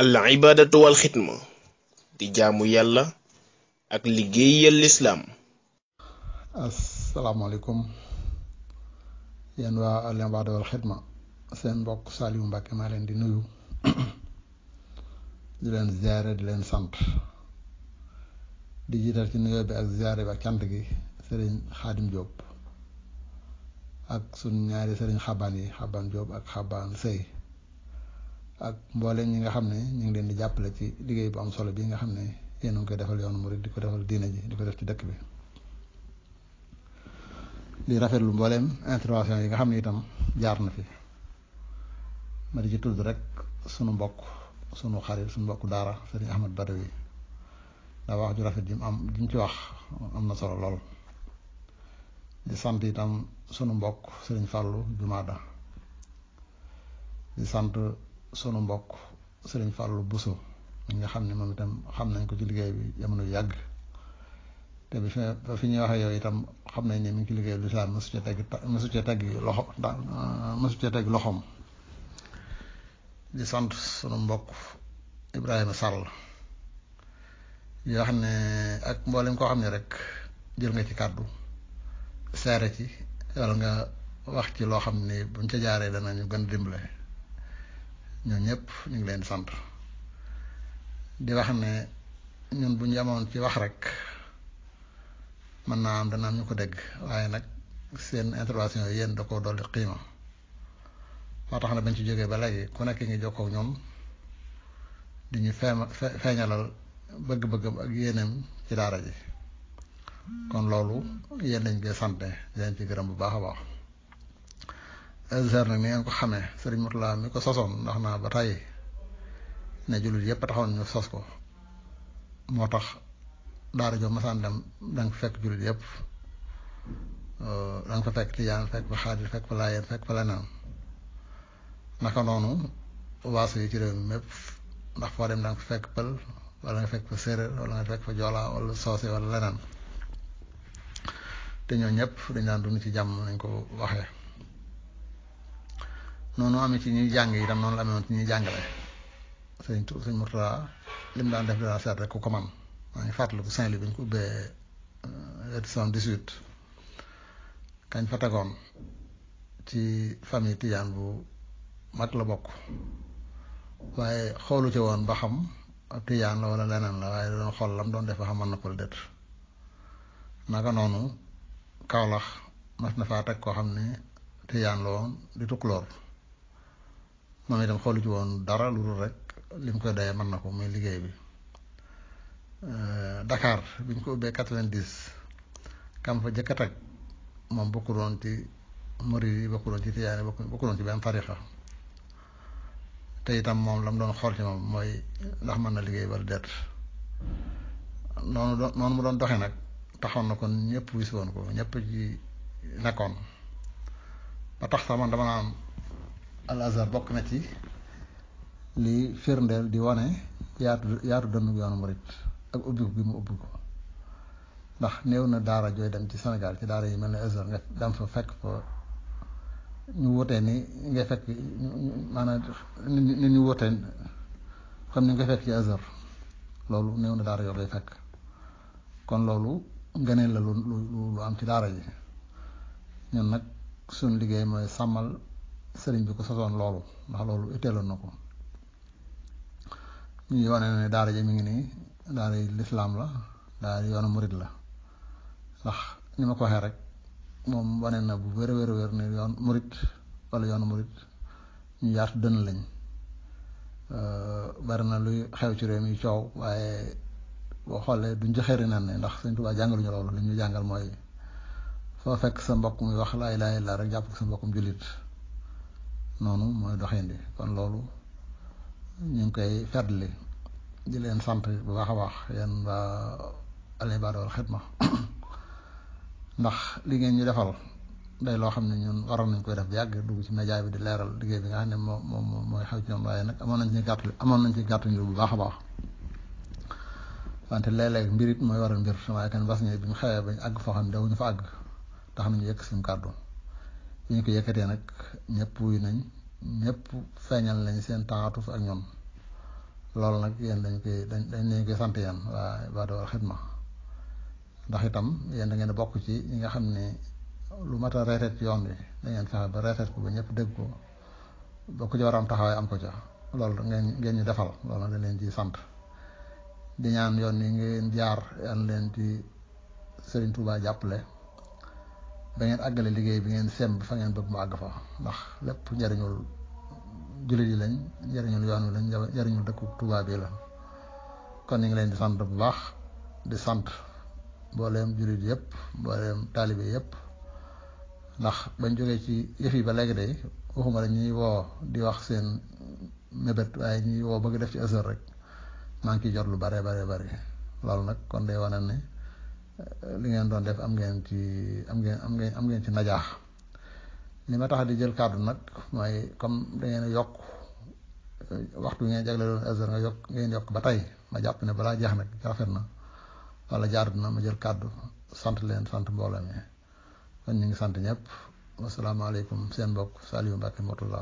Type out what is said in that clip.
al ibadatu xidma di jaamu yàlla ak liggéeyal lislaam asalaamaaleykum yéen waa al ibada xidma seen mbokk Saliou Mbacke maa leen di nuyu di leen ziare di leen sant di jiital ci nuyoo bi ak ziare bi ak cant gi sëriñ xaadim Diop ak sunu ñaari sëriñ xabaan yi xabaan Diop ak xaban sëy ak mboole ñi nga xam ne ñu ngi leen di jàppale ci liggéey bu am solo bi nga xam ne yéen a ngi koy defal yoonu murid di ko defal diine ji di ko def ci dëkk bi li rafetlu mbooleem intervention yi nga xam ne itam jaar na fi ma di ci tudd rek sunu mbokk sunu xarit sunu mbokk daara sëriñ Ahmad yi daa wax ju rafet ji mu am ji mu ci wax am na solo lool di sant itam sunu mbokk sëriñ Fàllu Jumaada di sant sunu mbokk sëriñ Fallou Bousso mi nga xam ne moom itam xam nañ ko ci liggéey bi jamono yàgg te bi fi ba fi ñuy waxee yooyu itam xam nañ ne mi ngi ci liggéey bi lislaam mësu ca teg mësu ca teg loxo ndax mësu ca teg loxoom di sant sunu mbokk Ibrahima Sall yoo xam ne ak mboolem koo xam ne rek jël nga ci kàddu seere ci walla nga wax ci loo xam ne buñ ca jaaree danañu gën dimbale ñoom ñëpp ñu ngi leen sant di wax ne ñun bu ñu yamoon ci wax rek mën naa am dana am ñu ko dégg waaye nag seen intervention yi yéen da ko dolli xiima moo tax na bañ ci jógee ba léegi ku nekk ngi jokkoo ak ñoom di ñu feeñalal bëgg bëgg ak yéeneem ci daara ji kon loolu yéen dañ koy sante di leen ci gërëm bu baax a baax Azhar ni ngeen ko xamee Serigne Mourtala mi ko sosoon ndax naa ba tàyyi ne jullit yëpp taxawoon ñu sos ko moo tax daara joo masaan dem da nga fekk jullit yépp da nga fa fekk tijaan fekk fa xaadir fekk fa laayeen fekk fa leneen naka noonu waaso yi ci réew mi ndax foo dem da nga fa fekk pël wala nga fekk fa séeréer wala nga fekk fa joolaa wala soose wala leneen te ñoo ñëpp dañ daan dund ci jàmm nañ ko waxee noonu amee ci ñuy jàng itam noonu la amee woon ci ñuy jàngale sëñ tu sëñ Murtala lim daan def di daan seet rek ku ko man maa ngi fàttaliku Saint-Louis ko ubbee soixante-dix-huit euh, kañ fa tegoon ci famille Tijaan bu mag la bokk waaye xoolu ci woon ba xam ab Tijaan la wala leneen la waaye doon xool lam doon def ba mën na ko déet naka noonu kawlax mas na faa teg koo xam ne Tijaan la woon di Tukulóor moom itam xoolu ci woon dara lu dul rek li mu koy doyee mën na ko muy liggéey bi euh, Dakar bi ñu ko ubbee quatre-vingt-dix kam fa jëkk a moom bokku doon ci murid yi bokku doon ci tiyaani bokku doon ci benn tarixa te itam moom la mu doon xool ci moom mooy ndax mën na liggéey ba det noonu doon noonu mu doon doxee nag taxoon na kon ñëpp wis woon ko ñëpp ci nekkoon ba tax sax man dama naan al azhar bokk na ci li firndeel di wane yaatu yaatu dënn yoonu murit ak ubbi bi mu ubbi ko ndax néew na daara jooy dem ci Sénégal ci daara yi mel ne azhar nga dem fa fekk fa ñu wutee ni nga fekk maanaam ni ñu wutee xam ni nga fekk ci azhar loolu néew na daara yoo koy fekk kon loolu ngëneel la lu lu lu am ci daara yi ñun nag suñ liggéey mooy sàmmal sëriñ bi ko sosoon loolu ndax loolu itteeloon na ko ñuy wane ne daara ji mi ngi nii daara yi lislaam la daara yoonu murit la ndax ñu ma ko waxee rek moom wane na bu wér wér wér yoon murit wala yoonu murit ñu yaatu dënn lañ bari na luy xew ci réew mi coow waaye boo xoolee duñ joxeeri nan ne ndax Sëriñ Tuubaa jàngaluñu loolu li ñu jàngal mooy foo fekk sa mbokk muy wax laa ilaaha illallaah rek jàpp ko sa mbokkum jullit noonu mooy doxin bi kon loolu ñu ngi koy fàttali di leen sant bu baax a baax yéen waa Al Hibada wal Xidma ndax li ñu defal day loo xam ne ñun waroon nañ koy def yàgg dugg ci média bi di leeral liggéey bi nga xam ne moo moom mooy xew ci ñoom waaye nag amoon nañ ci gàtt amoon nañ ci gàtt ñu bu baax a baax wante léeg-léeg mbir it mooy waral mbir waaye kan bas ñi bi mu xewee bañ àgg foo xam ne dawuñu fa àgg tax nañu yëkk suñu kàddu bi ñu ko yëkkatee nag ñëpp wuy nañ ñëpp feeñal nañ seen taatuf ak ñoon loolu nag yéen dañ koy dañ dañ koy sant yéen waa Ibaadu Xidma ndax itam yéen da ngeen bokk ci ñi nga xam ne lu mat a reeteet ci yoon bi dangeen ngeen fexe ba reeteet ko ba ñëpp dégg ko bokk ku ci war am taxawaay am ko ca loolu ngeen ngeen ñu defal loolu nag dañ leen ci sant di ñaan yoon yi ngeen jaar yan leen ci Serigne Touba jàppale. da ngeen àggale liggéey bi ngeen semb fa ngeen bëgg mu àgg fa ndax lépp njariñul jullit yi lañ njariñul yoon wi lañ njariñul dëkku Tuubaa yi la kon ñu ngi leen di sant bu baax di sant booleem jullit yëpp mbooleem taalibe yëpp ndax bañ jógee ci yëf yi ba léegi day waxuma la ñuy woo di wax seen mébét waaye ñuy woo bëgg def ci asar rek maa ngi ciy jot lu bare bare bare loolu nag kon day wane ne li ngeen doon def am ngeen ci am ngeen am ngeen am ci najaax li ma tax di jël kàddu nag mooy comme dangeen ngeen yokk euh, waxtu ngeen jagle doon Azhar nga yokk ngeen yokk ba tey ma jàpp ne balaa jeex nag rafet na walla jaarut na ma jël kàddu sant leen sant mbooloo mi kon ñu ngi sant ñëpp wasalaamaaleykum seen mbokk Saliou Mbacke Moutoulla